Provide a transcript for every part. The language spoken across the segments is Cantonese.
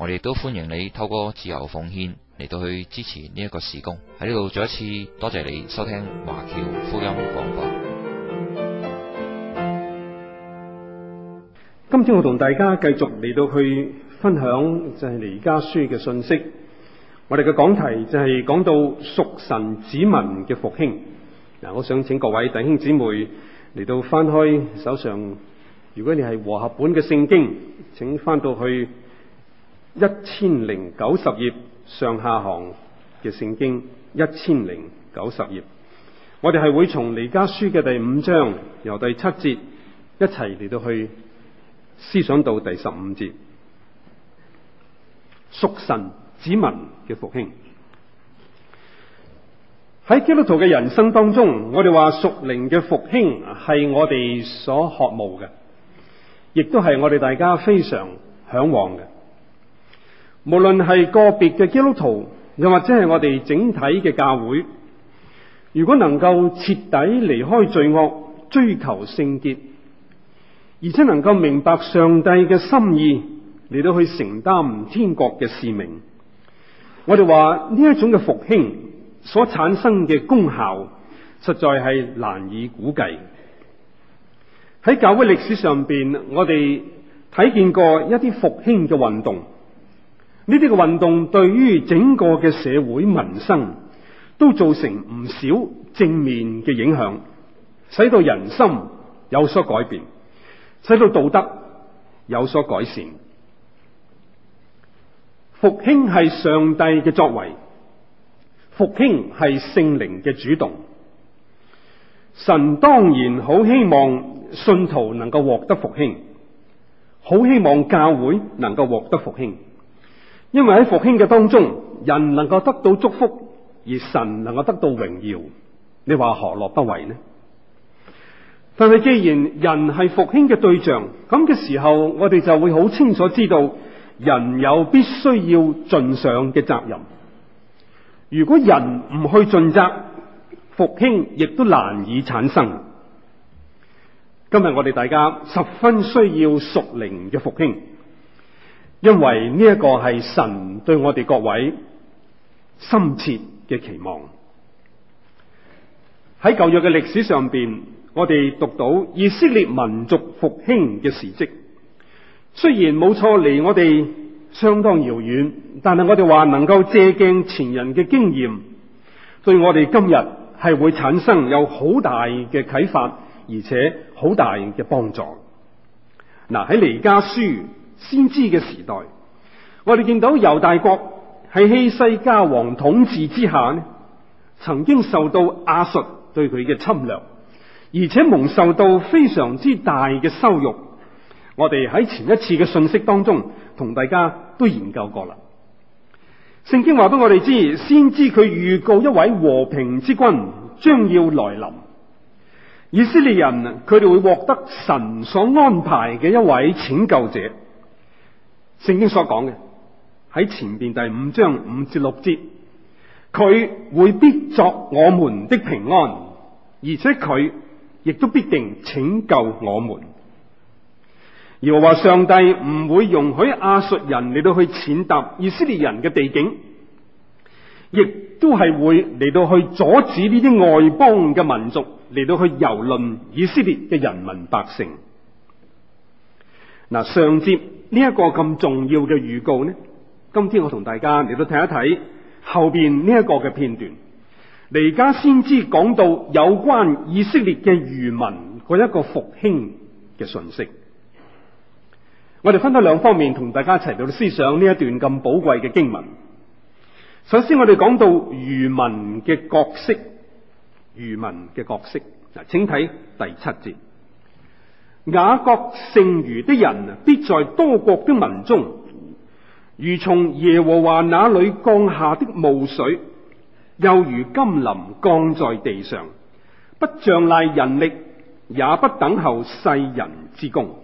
我哋都歡迎你透過自由奉獻嚟到去支持呢一個事工喺呢度。再一次多謝你收聽華僑福音廣播。今天我同大家繼續嚟到去分享就係彌迦書嘅信息。我哋嘅講題就係講到屬神子民嘅復興。嗱，我想請各位弟兄姊妹嚟到翻開手上，如果你係和合本嘅聖經，請翻到去。一千零九十頁上下行嘅聖經，一千零九十頁，我哋係會從彌迦書嘅第五章由第七節一齊嚟到去思想到第十五節，屬神子民嘅復興。喺基督徒嘅人生當中，我哋話屬靈嘅復興係我哋所渴慕嘅，亦都係我哋大家非常向往嘅。無論係個別嘅基督徒，又或者係我哋整體嘅教會，如果能夠徹底離開罪惡，追求聖潔，而且能夠明白上帝嘅心意，嚟到去承擔天國嘅使命，我哋話呢一種嘅復興所產生嘅功效，實在係難以估計。喺教會歷史上邊，我哋睇見過一啲復興嘅運動。呢啲嘅運動對於整個嘅社會民生都造成唔少正面嘅影響，使到人心有所改變，使到道德有所改善。復興係上帝嘅作為，復興係聖靈嘅主動。神當然好希望信徒能夠獲得復興，好希望教會能夠獲得復興。因為喺復興嘅當中，人能夠得到祝福，而神能夠得到榮耀，你話何樂不為呢？但係既然人係復興嘅對象，咁嘅時候，我哋就會好清楚知道，人有必須要盡上嘅責任。如果人唔去盡責，復興亦都難以產生。今日我哋大家十分需要屬靈嘅復興。因為呢一個係神對我哋各位深切嘅期望。喺舊約嘅歷史上邊，我哋讀到以色列民族復興嘅事跡。雖然冇錯，離我哋相當遙遠，但係我哋話能夠借鏡前人嘅經驗，對我哋今日係會產生有好大嘅啟發，而且好大嘅幫助。嗱，喺彌迦書。先知嘅時代，我哋見到猶大國喺希西家王統治之下呢，曾經受到亞述對佢嘅侵略，而且蒙受到非常之大嘅羞辱。我哋喺前一次嘅信息當中，同大家都研究過啦。聖經話俾我哋知，先知佢預告一位和平之君將要來臨，以色列人佢哋會獲得神所安排嘅一位拯救者。聖經所講嘅，喺前邊第五章五至六節，佢會必作我們的平安，而且佢亦都必定拯救我們。而話上帝唔會容許亞述人嚟到去踐踏以色列人嘅地境，亦都係會嚟到去阻止呢啲外邦嘅民族嚟到去蹂躪以色列嘅人民百姓。嗱，上節。呢、這、一個咁重要嘅預告呢？今天我同大家嚟到睇一睇後面呢一個嘅片段，彌迦先知講到有關以色列嘅餘民嗰一個復興嘅信息。我哋分開兩方面同大家一齊到思想呢一段咁寶貴嘅經文。首先我哋講到餘民嘅角色，餘民嘅角色嗱，請睇第七節。雅各剩餘的人必在多國的民中，如從耶和華那裏降下的霧水，又如甘霖降在地上，不仗賴人力，也不等候世人之功。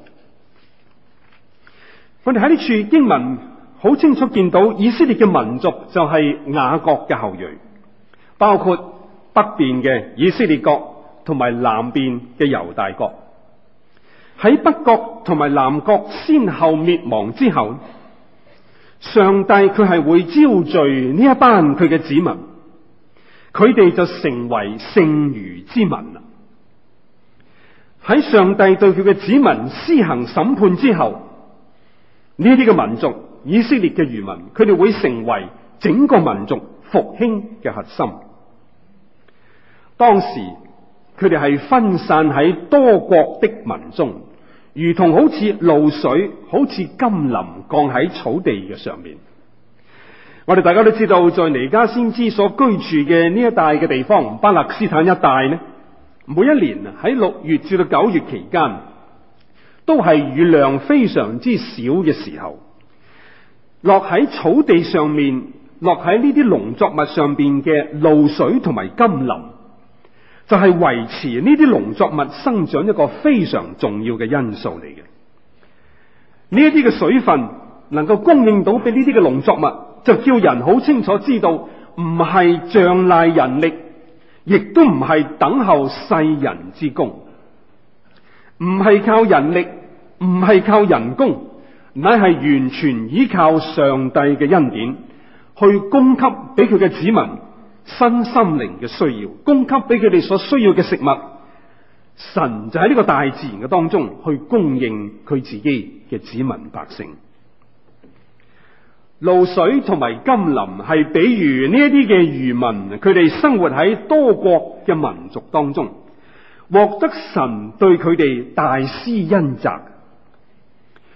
我哋喺呢處經文好清楚見到，以色列嘅民族就係雅各嘅後裔，包括北邊嘅以色列國同埋南邊嘅猶大國。喺北國同埋南國先後滅亡之後，上帝佢係會招聚呢一班佢嘅子民，佢哋就成為剩餘之民啦。喺上帝對佢嘅子民施行審判之後，呢啲嘅民族以色列嘅餘民，佢哋會成為整個民族復興嘅核心。當時。佢哋係分散喺多國的民中，如同好似露水，好似甘霖降喺草地嘅上面。我哋大家都知道，在彌迦先知所居住嘅呢一帶嘅地方，巴勒斯坦一帶呢，每一年喺六月至到九月期間，都係雨量非常之少嘅時候，落喺草地上面，落喺呢啲農作物上邊嘅露水同埋甘霖。就係維持呢啲農作物生長一個非常重要嘅因素嚟嘅，呢一啲嘅水分能夠供應到俾呢啲嘅農作物，就叫人好清楚知道，唔係仗賴人力，亦都唔係等候世人之功，唔係靠人力，唔係靠人工，乃係完全依靠上帝嘅恩典去供給俾佢嘅子民。新心靈嘅需要，供給俾佢哋所需要嘅食物，神就喺呢個大自然嘅當中去供應佢自己嘅子民百姓。露水同埋甘霖係比喻呢一啲嘅餘民，佢哋生活喺多國嘅民族當中，獲得神對佢哋大施恩澤。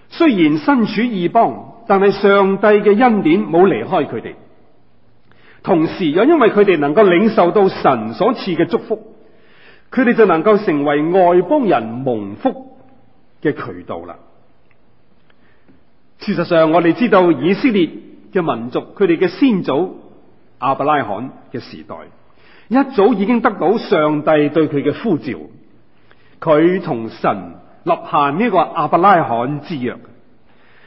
雖然身處異邦，但係上帝嘅恩典冇離開佢哋。同時又因為佢哋能夠領受到神所賜嘅祝福，佢哋就能夠成為外邦人蒙福嘅渠道啦。事實上，我哋知道以色列嘅民族，佢哋嘅先祖亞伯拉罕嘅時代，一早已經得到上帝對佢嘅呼召。佢同神立下呢個亞伯拉罕之約，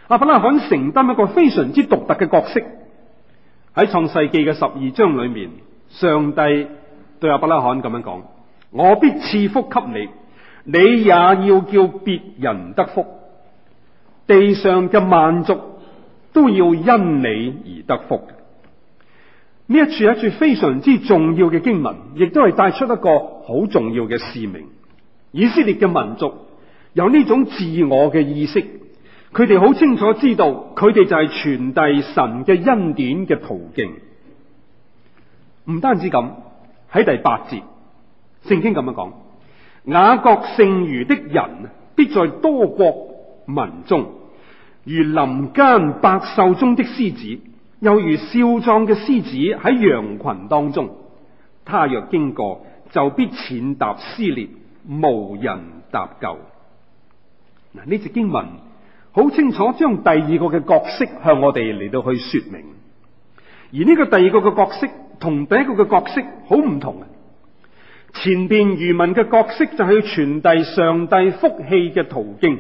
亞伯拉罕承擔一個非常之獨特嘅角色。喺創世記嘅十二章裏面，上帝對亞伯拉罕咁樣講：我必賜福給你，你也要叫別人得福，地上嘅萬族都要因你而得福。呢一處一處非常之重要嘅經文，亦都係帶出一個好重要嘅使命。以色列嘅民族有呢種自我嘅意識。佢哋好清楚知道，佢哋就係傳遞神嘅恩典嘅途徑。唔單止咁，喺第八節，聖經咁樣講：雅各剩餘的人，必在多國民中；如林間百獸中的獅子，又如少壯嘅獅子喺羊群當中，他若經過，就必踐踏撕，撕裂，無人搭救。嗱，呢隻經文。好清楚，將第二個嘅角色向我哋嚟到去說明。而呢個第二個嘅角色同第一個嘅角色好唔同啊。前邊餘民嘅角色就係要傳遞上帝福氣嘅途徑，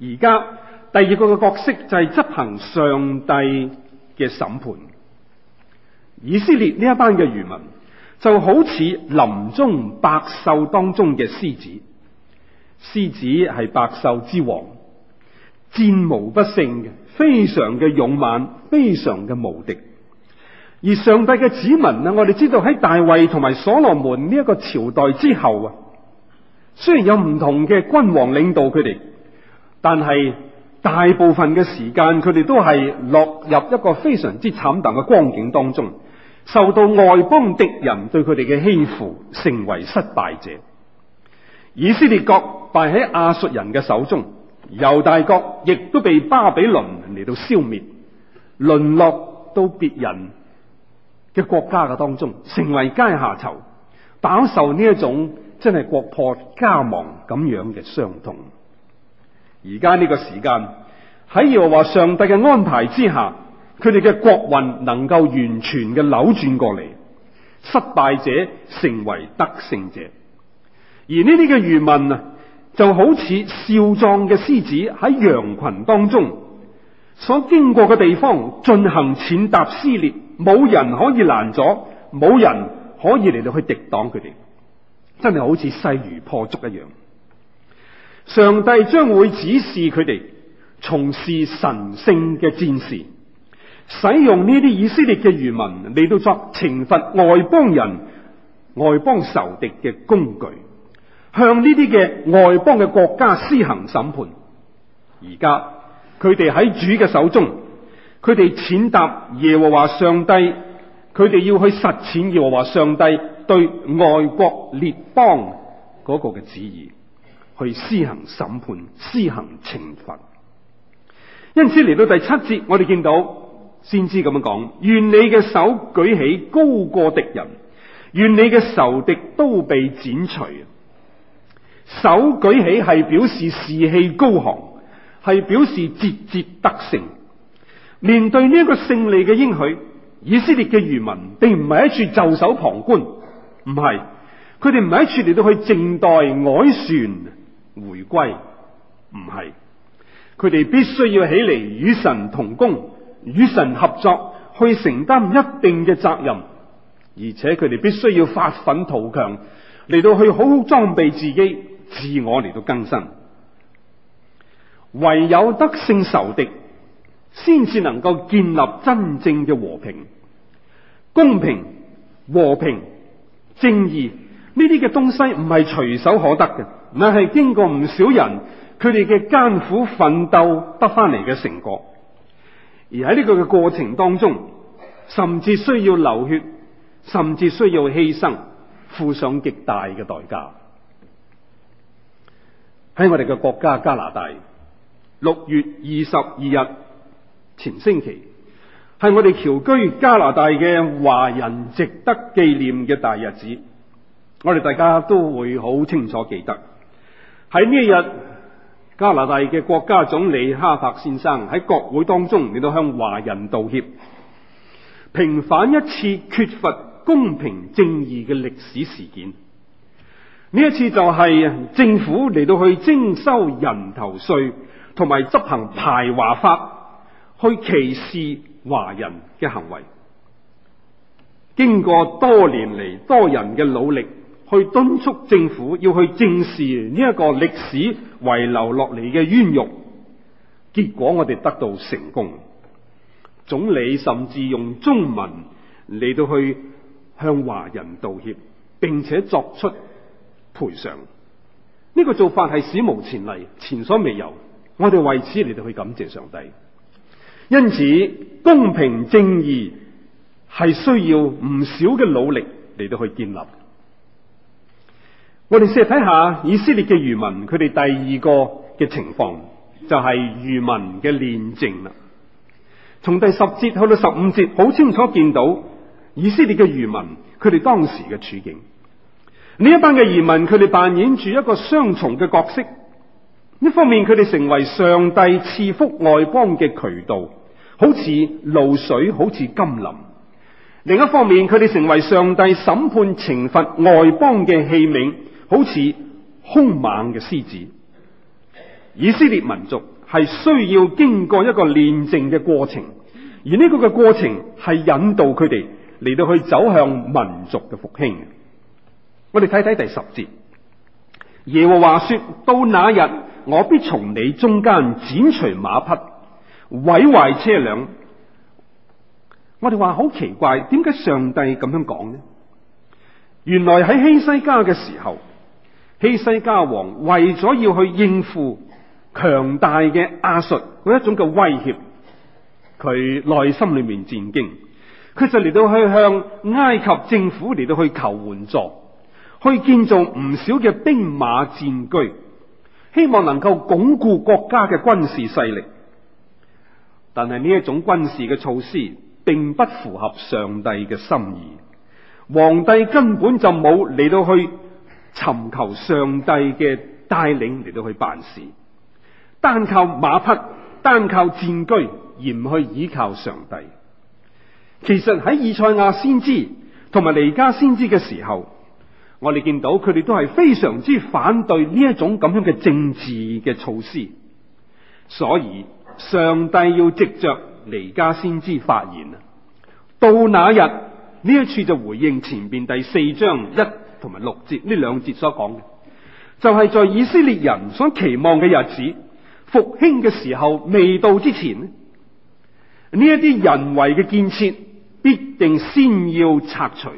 而家第二個嘅角色就係執行上帝嘅審判。以色列呢一班嘅餘民就好似林中百獸當中嘅獅子，獅子係百獸之王。戰無不勝嘅，非常嘅勇猛，非常嘅無敵。而上帝嘅子民啊，我哋知道喺大衛同埋所羅門呢一個朝代之後啊，雖然有唔同嘅君王領導佢哋，但係大部分嘅時間佢哋都係落入一個非常之慘淡嘅光景當中，受到外邦敵人對佢哋嘅欺負，成為失敗者。以色列國敗喺亞述人嘅手中。猶大國亦都被巴比倫嚟到消滅，淪落到別人嘅國家嘅當中，成為階下囚，飽受呢一種真係國破家亡咁樣嘅傷痛。而家呢個時間喺耶和華上帝嘅安排之下，佢哋嘅國運能夠完全嘅扭轉過嚟，失敗者成為得勝者，而呢啲嘅愚民啊！就好似少壯嘅獅子喺羊群當中，所經過嘅地方進行踐踏撕裂，冇人可以攔阻，冇人可以嚟到去抵擋佢哋，真係好似勢如破竹一樣。上帝將會指示佢哋從事神聖嘅戰士，使用呢啲以色列嘅漁民嚟到作懲罰外邦人、外邦仇敵嘅工具。向呢啲嘅外邦嘅國家施行審判。而家佢哋喺主嘅手中，佢哋踐踏耶和華上帝，佢哋要去實踐耶和華上帝對外國列邦嗰個嘅旨意，去施行審判、施行懲罰。因此嚟到第七節，我哋見到先知咁樣講：願你嘅手舉起高過敵人，願你嘅仇敵都被剪除。手舉起係表示士氣高昂，係表示節節得勝。面對呢一個勝利嘅應許，以色列嘅漁民並唔係喺處袖手旁觀，唔係佢哋唔係喺處嚟到去靜待凱旋回歸，唔係佢哋必須要起嚟與神同工，與神合作去承擔一定嘅責任，而且佢哋必須要發奮圖強嚟到去好好裝備自己。自我嚟到更新，唯有得勝仇敵，先至能夠建立真正嘅和平。公平、和平、正義呢啲嘅東西唔係隨手可得嘅，乃係經過唔少人佢哋嘅艱苦奮鬥得翻嚟嘅成果。而喺呢個嘅過程當中，甚至需要流血，甚至需要犧牲，付上極大嘅代價。喺我哋嘅國家加拿大，六月二十二日前星期，係我哋僑居加拿大嘅華人值得紀念嘅大日子。我哋大家都會好清楚記得，喺呢一日，加拿大嘅國家總理哈柏先生喺國會當中，亦都向華人道歉，平反一次缺乏公平正義嘅歷史事件。呢一次就係政府嚟到去徵收人頭稅，同埋執行排華法，去歧視華人嘅行為。經過多年嚟多人嘅努力，去敦促政府要去正視呢一個歷史遺留落嚟嘅冤獄，結果我哋得到成功。總理甚至用中文嚟到去向華人道歉，並且作出。賠償呢個做法係史無前例、前所未有，我哋為此嚟到去感謝上帝。因此，公平正義係需要唔少嘅努力嚟到去建立。我哋試下睇下以色列嘅餘民，佢哋第二個嘅情況就係、是、餘民嘅煉淨啦。從第十節去到十五節，好清楚見到以色列嘅餘民，佢哋當時嘅處境。呢一班嘅移民，佢哋扮演住一個雙重嘅角色。一方面，佢哋成為上帝賜福外邦嘅渠道，好似露水，好似甘霖；另一方面，佢哋成為上帝審判懲罰外邦嘅器皿，好似兇猛嘅獅子。以色列民族係需要經過一個煉淨嘅過程，而呢個嘅過程係引導佢哋嚟到去走向民族嘅復興。我哋睇睇第十節，耶和華說到那日：那日我必從你中間剪除馬匹，毀壞車輛。我哋話好奇怪，點解上帝咁樣講呢？原來喺希西家嘅時候，希西家王為咗要去應付強大嘅亞述嗰一種嘅威脅，佢內心裏面戰驚，佢就嚟到去向埃及政府嚟到去求援助。去建造唔少嘅兵馬戰車，希望能夠鞏固國家嘅軍事勢力。但係呢一種軍事嘅措施，並不符合上帝嘅心意。皇帝根本就冇嚟到去尋求上帝嘅帶領嚟到去辦事，單靠馬匹，單靠戰車，而唔去依靠上帝。其實喺以賽亞先知同埋彌迦先知嘅時候，我哋見到佢哋都係非常之反對呢一種咁樣嘅政治嘅措施，所以上帝要藉着彌迦先知發言啊。到那一日，呢一次就回應前邊第四章一同埋六節呢兩節所講嘅，就係在以色列人所期望嘅日子復興嘅時候未到之前呢，呢一啲人為嘅建設必定先要拆除。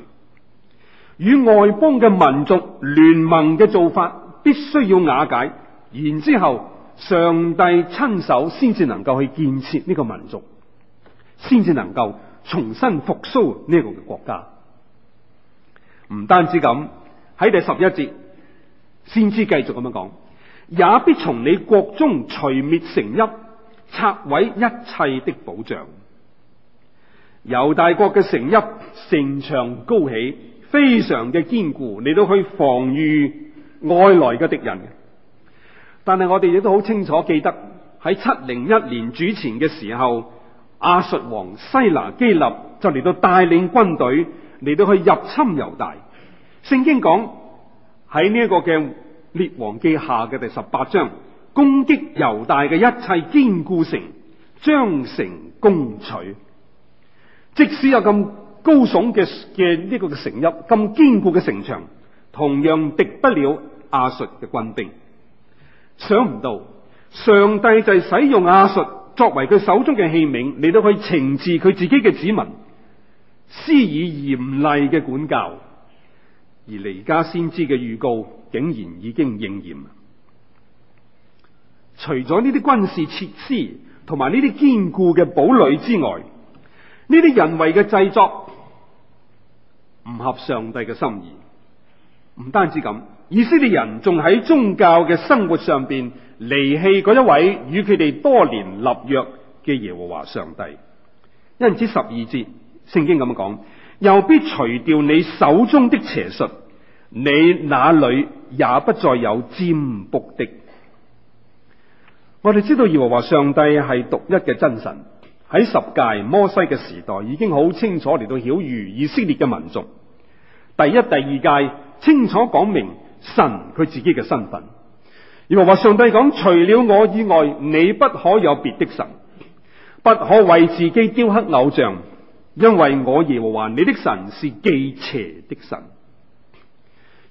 與外邦嘅民族聯盟嘅做法，必須要瓦解，然之後上帝親手先至能夠去建設呢個民族，先至能夠重新復甦呢個嘅國家。唔單止咁，喺第十一節先知繼續咁樣講，也必從你國中除滅城邑，拆毀一切的保障，猶大國嘅城邑，城牆高起。非常嘅堅固，嚟到去防禦外來嘅敵人。但係我哋亦都好清楚記得，喺七零一年主前嘅時候，亞述王西拿基立就嚟到帶領軍隊嚟到去入侵猶大。聖經講喺呢一個嘅列王記下嘅第十八章，攻擊猶大嘅一切堅固城，將城攻取。即使有咁。高聳嘅嘅呢個嘅城邑，咁堅固嘅城牆，同樣敵不了亞述嘅軍兵。想唔到上帝就係使用亞述作為佢手中嘅器皿，嚟到去懲治佢自己嘅子民，施以嚴厲嘅管教。而彌迦先知嘅預告，竟然已經應驗。除咗呢啲軍事設施同埋呢啲堅固嘅堡壘之外，呢啲人為嘅製作唔合上帝嘅心意，唔單止咁，以色列人仲喺宗教嘅生活上邊離棄嗰一位與佢哋多年立約嘅耶和華上帝。因此，十二節聖經咁講，又必除掉你手中的邪術，你那裏也不再有占卜的。我哋知道耶和華上帝係獨一嘅真神。喺十屆摩西嘅時代已經好清楚嚟到曉諭以色列嘅民族。第一、第二屆清楚講明神佢自己嘅身份。耶和華上帝講，除了我以外，你不可有別的神，不可為自己雕刻偶像，因為我耶和華你的神是忌邪的神。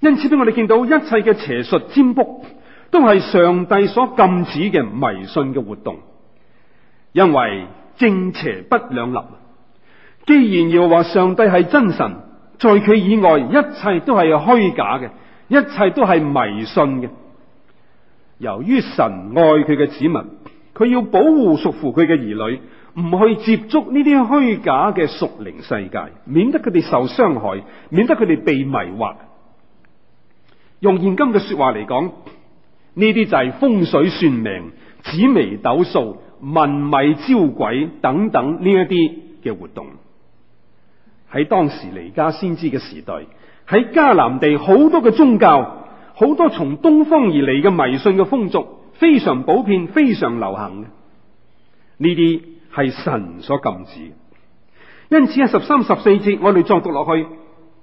因此，俾我哋見到一切嘅邪術、占卜，都係上帝所禁止嘅迷信嘅活動，因為。正邪不兩立。既然要話上帝係真神，在佢以外一切都係虛假嘅，一切都係迷信嘅。由於神愛佢嘅子民，佢要保護屬乎佢嘅兒女，唔去接觸呢啲虛假嘅屬靈世界，免得佢哋受傷害，免得佢哋被迷惑。用現今嘅說話嚟講，呢啲就係風水算命、紫微斗數。文米招鬼等等呢一啲嘅活動，喺當時彌迦先知嘅時代，喺迦南地好多嘅宗教，好多從東方而嚟嘅迷信嘅風俗，非常普遍，非常流行嘅。呢啲係神所禁止，因此喺十三、十四節，我哋再讀落去，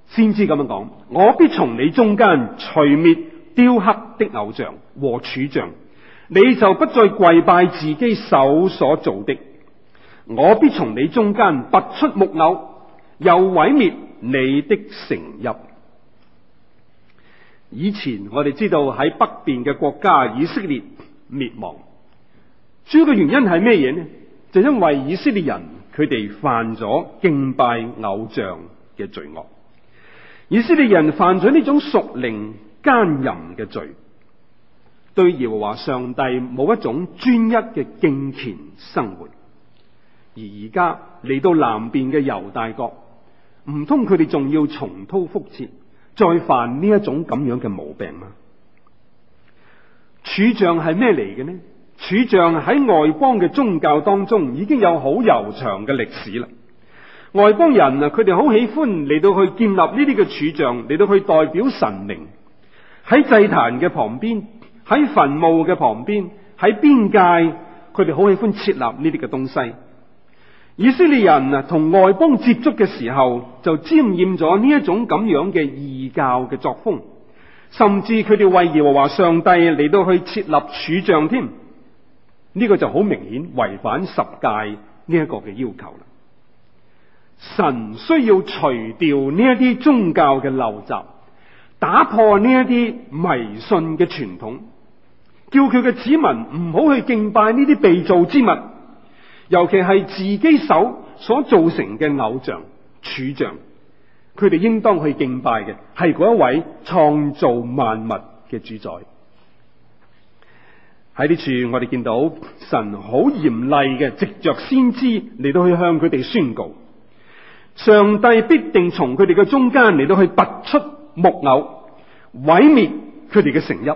先知咁樣講：我必從你中間除滅雕刻的偶像和柱像。你就不再跪拜自己手所做的，我必從你中間拔出木偶，又毀滅你的城邑。以前我哋知道喺北邊嘅國家以色列滅亡，主要嘅原因係咩嘢呢？就因為以色列人佢哋犯咗敬拜偶像嘅罪惡，以色列人犯咗呢種屬靈姦淫嘅罪。對耶和華上帝冇一種專一嘅敬虔生活，而而家嚟到南邊嘅猶大國，唔通佢哋仲要重蹈覆切，再犯呢一種咁樣嘅毛病嗎？柱像係咩嚟嘅呢？柱像喺外邦嘅宗教當中已經有好悠長嘅歷史啦。外邦人啊，佢哋好喜歡嚟到去建立呢啲嘅柱像嚟到去代表神明喺祭壇嘅旁邊。喺墳墓嘅旁邊，喺邊界，佢哋好喜歡設立呢啲嘅東西。以色列人啊，同外邦接觸嘅時候，就沾染咗呢一種咁樣嘅異教嘅作風，甚至佢哋為耶和華上帝嚟到去設立柱像添。呢、這個就好明顯違反十誡呢一個嘅要求啦。神需要除掉呢一啲宗教嘅陋習，打破呢一啲迷信嘅傳統。叫佢嘅子民唔好去敬拜呢啲被造之物，尤其係自己手所造成嘅偶像、柱像，佢哋應當去敬拜嘅係嗰一位創造萬物嘅主宰。喺呢處我哋見到神好嚴厲嘅，藉着先知嚟到去向佢哋宣告，上帝必定從佢哋嘅中間嚟到去拔出木偶，毀滅佢哋嘅城邑。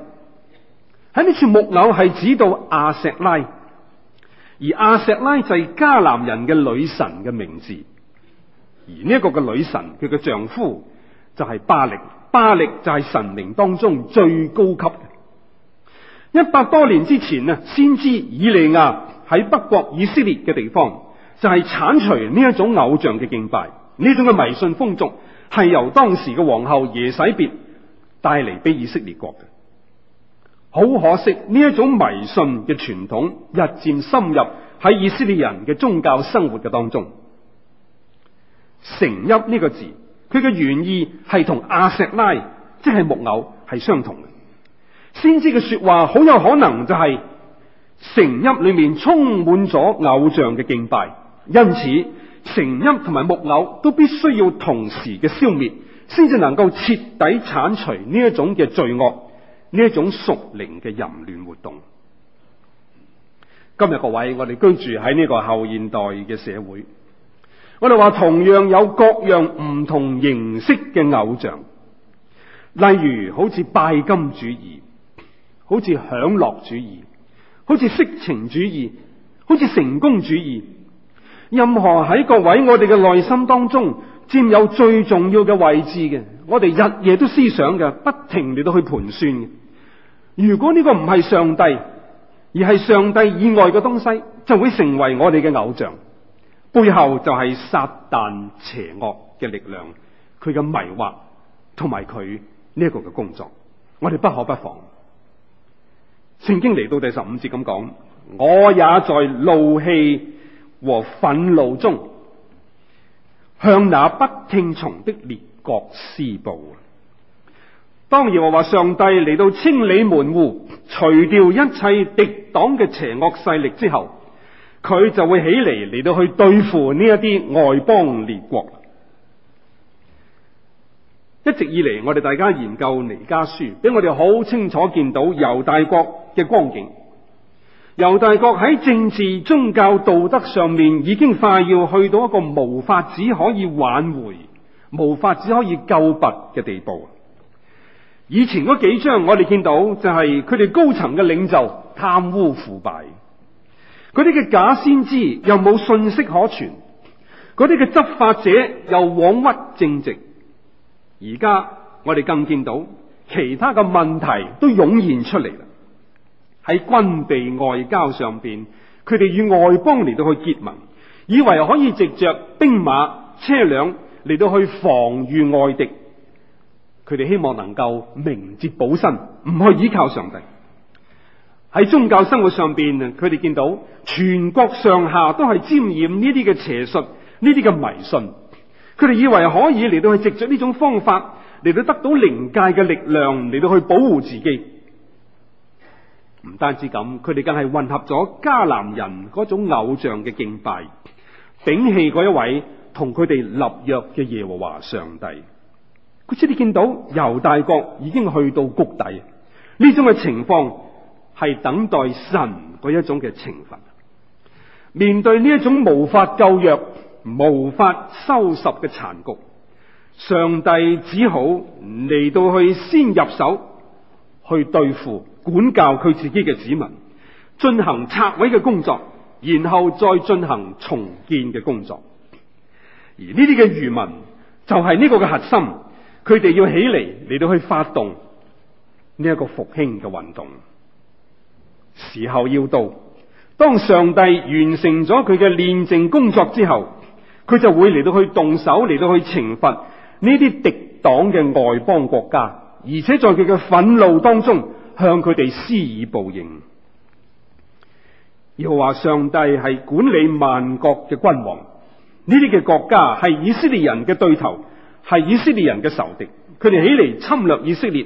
喺呢處，木偶係指到阿石拉，而阿石拉就係迦南人嘅女神嘅名字，而呢一個嘅女神佢嘅丈夫就係巴力，巴力就係神靈當中最高級嘅。一百多年之前呢，先知以利亞喺北國以色列嘅地方就係、是、鏟除呢一種偶像嘅敬拜，呢種嘅迷信風俗係由當時嘅皇后耶洗別帶嚟俾以色列國嘅。好可惜，呢一種迷信嘅傳統日漸深入喺以色列人嘅宗教生活嘅當中。成邑呢個字，佢嘅原意係同亞舍拉，即係木偶，係相同嘅。先知嘅說話好有可能就係成邑裏面充滿咗偶像嘅敬拜，因此成邑同埋木偶都必須要同時嘅消滅，先至能夠徹底鏟除呢一種嘅罪惡。呢一種屬靈嘅淫亂活動。今日各位，我哋居住喺呢個後現代嘅社會，我哋話同樣有各樣唔同形式嘅偶像，例如好似拜金主義，好似享樂主義，好似色情主義，好似成功主義。任何喺各位我哋嘅內心當中佔有最重要嘅位置嘅，我哋日夜都思想嘅，不停嚟到去盤算嘅。如果呢個唔係上帝，而係上帝以外嘅東西，就會成為我哋嘅偶像，背後就係撒旦邪惡嘅力量，佢嘅迷惑同埋佢呢一個嘅工作，我哋不可不防。聖經嚟到第十五節咁講，我也在怒氣和憤怒中，向那不聽從的列國施暴。當然我話上帝嚟到清理門戶，除掉一切敵黨嘅邪惡勢力之後，佢就會起嚟嚟到去對付呢一啲外邦列國。一直以嚟，我哋大家研究彌迦書，俾我哋好清楚見到猶大國嘅光景。猶大國喺政治、宗教、道德上面，已經快要去到一個無法只可以挽回、無法只可以救拔嘅地步。以前嗰幾章我哋見到就係佢哋高層嘅領袖貪污腐敗，嗰啲嘅假先知又冇信息可傳，嗰啲嘅執法者又枉屈正直。而家我哋更見到其他嘅問題都湧現出嚟啦，喺軍備外交上面，佢哋與外邦嚟到去結盟，以為可以藉着兵馬車輛嚟到去防禦外敵。佢哋希望能夠明哲保身，唔去依靠上帝。喺宗教生活上邊，佢哋見到全國上下都係沾染呢啲嘅邪術、呢啲嘅迷信。佢哋以為可以嚟到去藉着呢種方法嚟到得到靈界嘅力量，嚟到去保護自己。唔單止咁，佢哋更係混合咗迦南人嗰種偶像嘅敬拜，摒棄嗰一位同佢哋立約嘅耶和華上帝。佢即你見到猶大國已經去到谷底，呢種嘅情況係等待神嗰一種嘅懲罰。面對呢一種無法救藥、無法收拾嘅殘局，上帝只好嚟到去先入手去對付、管教佢自己嘅子民，進行拆毀嘅工作，然後再進行重建嘅工作。而呢啲嘅餘民就係呢個嘅核心。佢哋要起嚟嚟到去發動呢一個復興嘅運動，時候要到，當上帝完成咗佢嘅煉淨工作之後，佢就會嚟到去動手嚟到去懲罰呢啲敵黨嘅外邦國家，而且在佢嘅憤怒當中向佢哋施以報應。又話上帝係管理萬國嘅君王，呢啲嘅國家係以色列人嘅對頭，係以色列人嘅仇敵，佢哋起嚟侵略以色列，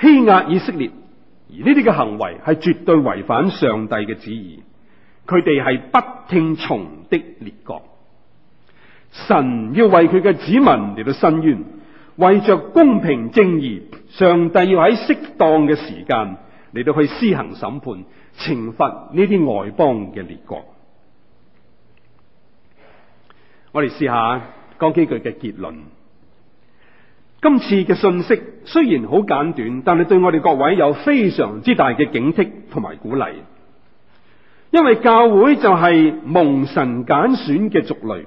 欺壓以色列，而呢啲嘅行為係絕對違反上帝嘅旨意。佢哋係不聽從的列國，神要為佢嘅子民嚟到伸冤，為着公平正義，上帝要喺適當嘅時間嚟到去施行審判，懲罰呢啲外邦嘅列國。我哋試下講幾句嘅結論。今次嘅信息雖然好簡短，但係對我哋各位有非常之大嘅警惕同埋鼓勵。因為教會就係蒙神揀選嘅族類，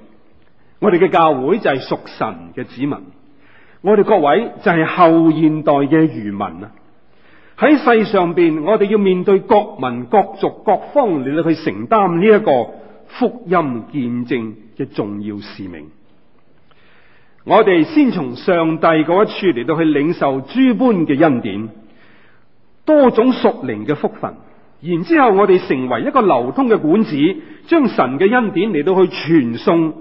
我哋嘅教會就係屬神嘅子民，我哋各位就係後現代嘅漁民啊！喺世上邊，我哋要面對各民、各族、各方嚟去承擔呢一個福音見證嘅重要使命。我哋先從上帝嗰一處嚟到去領受諸般嘅恩典，多種屬靈嘅福分，然之後我哋成為一個流通嘅管子，將神嘅恩典嚟到去傳送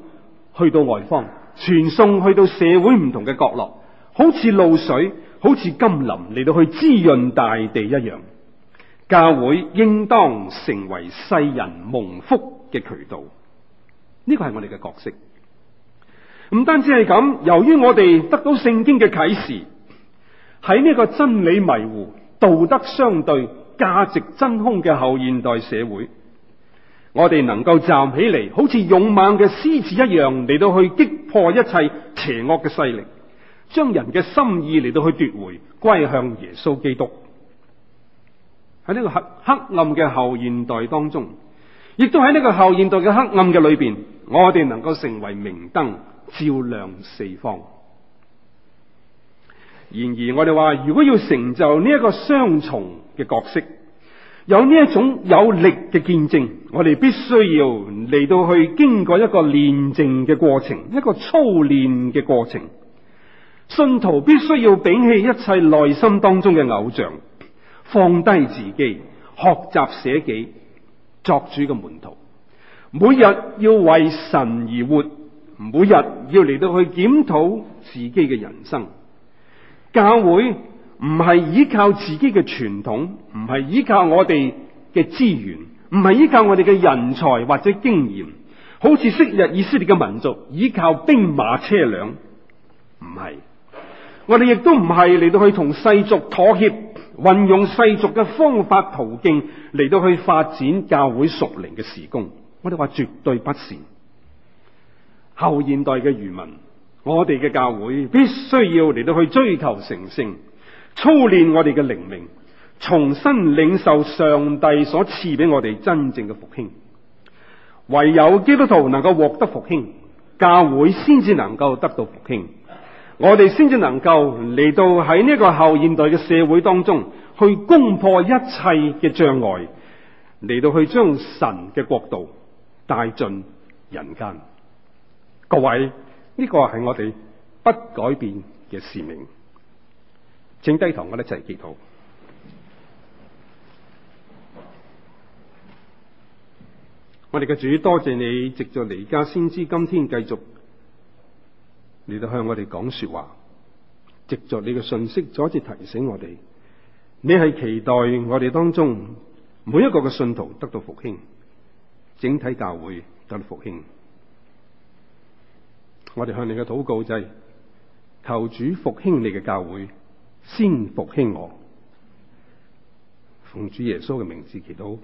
去到外方，傳送去到社會唔同嘅角落，好似露水，好似甘霖嚟到去滋潤大地一樣。教會應當成為世人蒙福嘅渠道，呢、這個係我哋嘅角色。唔單止係咁，由於我哋得到聖經嘅啟示，喺呢個真理迷糊、道德相對、價值真空嘅後現代社會，我哋能夠站起嚟，好似勇猛嘅獅子一樣嚟到去擊破一切邪惡嘅勢力，將人嘅心意嚟到去奪回，歸向耶穌基督。喺呢個黑黑暗嘅後現代當中，亦都喺呢個後現代嘅黑暗嘅裏邊，我哋能夠成為明燈。照亮四方。然而我們說，我哋話如果要成就呢一個雙重嘅角色，有呢一種有力嘅見證，我哋必須要嚟到去經過一個煉淨嘅過程，一個操練嘅過程。信徒必須要摒棄一切內心當中嘅偶像，放低自己，學習捨己作主嘅門徒，每日要為神而活。每日要嚟到去檢討自己嘅人生，教會唔係依靠自己嘅傳統，唔係依靠我哋嘅資源，唔係依靠我哋嘅人才或者經驗，好似昔日以色列嘅民族依靠兵馬車輛，唔係。我哋亦都唔係嚟到去同世俗妥協，運用世俗嘅方法途徑嚟到去發展教會屬靈嘅時工，我哋話絕對不是。後現代嘅漁民，我哋嘅教會必須要嚟到去追求成聖，操練我哋嘅靈命，重新領受上帝所賜俾我哋真正嘅復興。唯有基督徒能夠獲得復興，教會先至能夠得到復興，我哋先至能夠嚟到喺呢個後現代嘅社會當中去攻破一切嘅障礙，嚟到去將神嘅國度帶進人間。各位，呢個係我哋不改變嘅使命。請低頭，我哋一齊祈禱。我哋嘅主，多謝你，藉着彌迦先知，今天繼續，你都向我哋講說話，藉着你嘅信息，再一次提醒我哋，你係期待我哋當中每一個嘅信徒得到復興，整體教會得復興。我哋向你嘅禱告就係求主復興你嘅教會，先復興我。奉主耶穌嘅名字祈禱。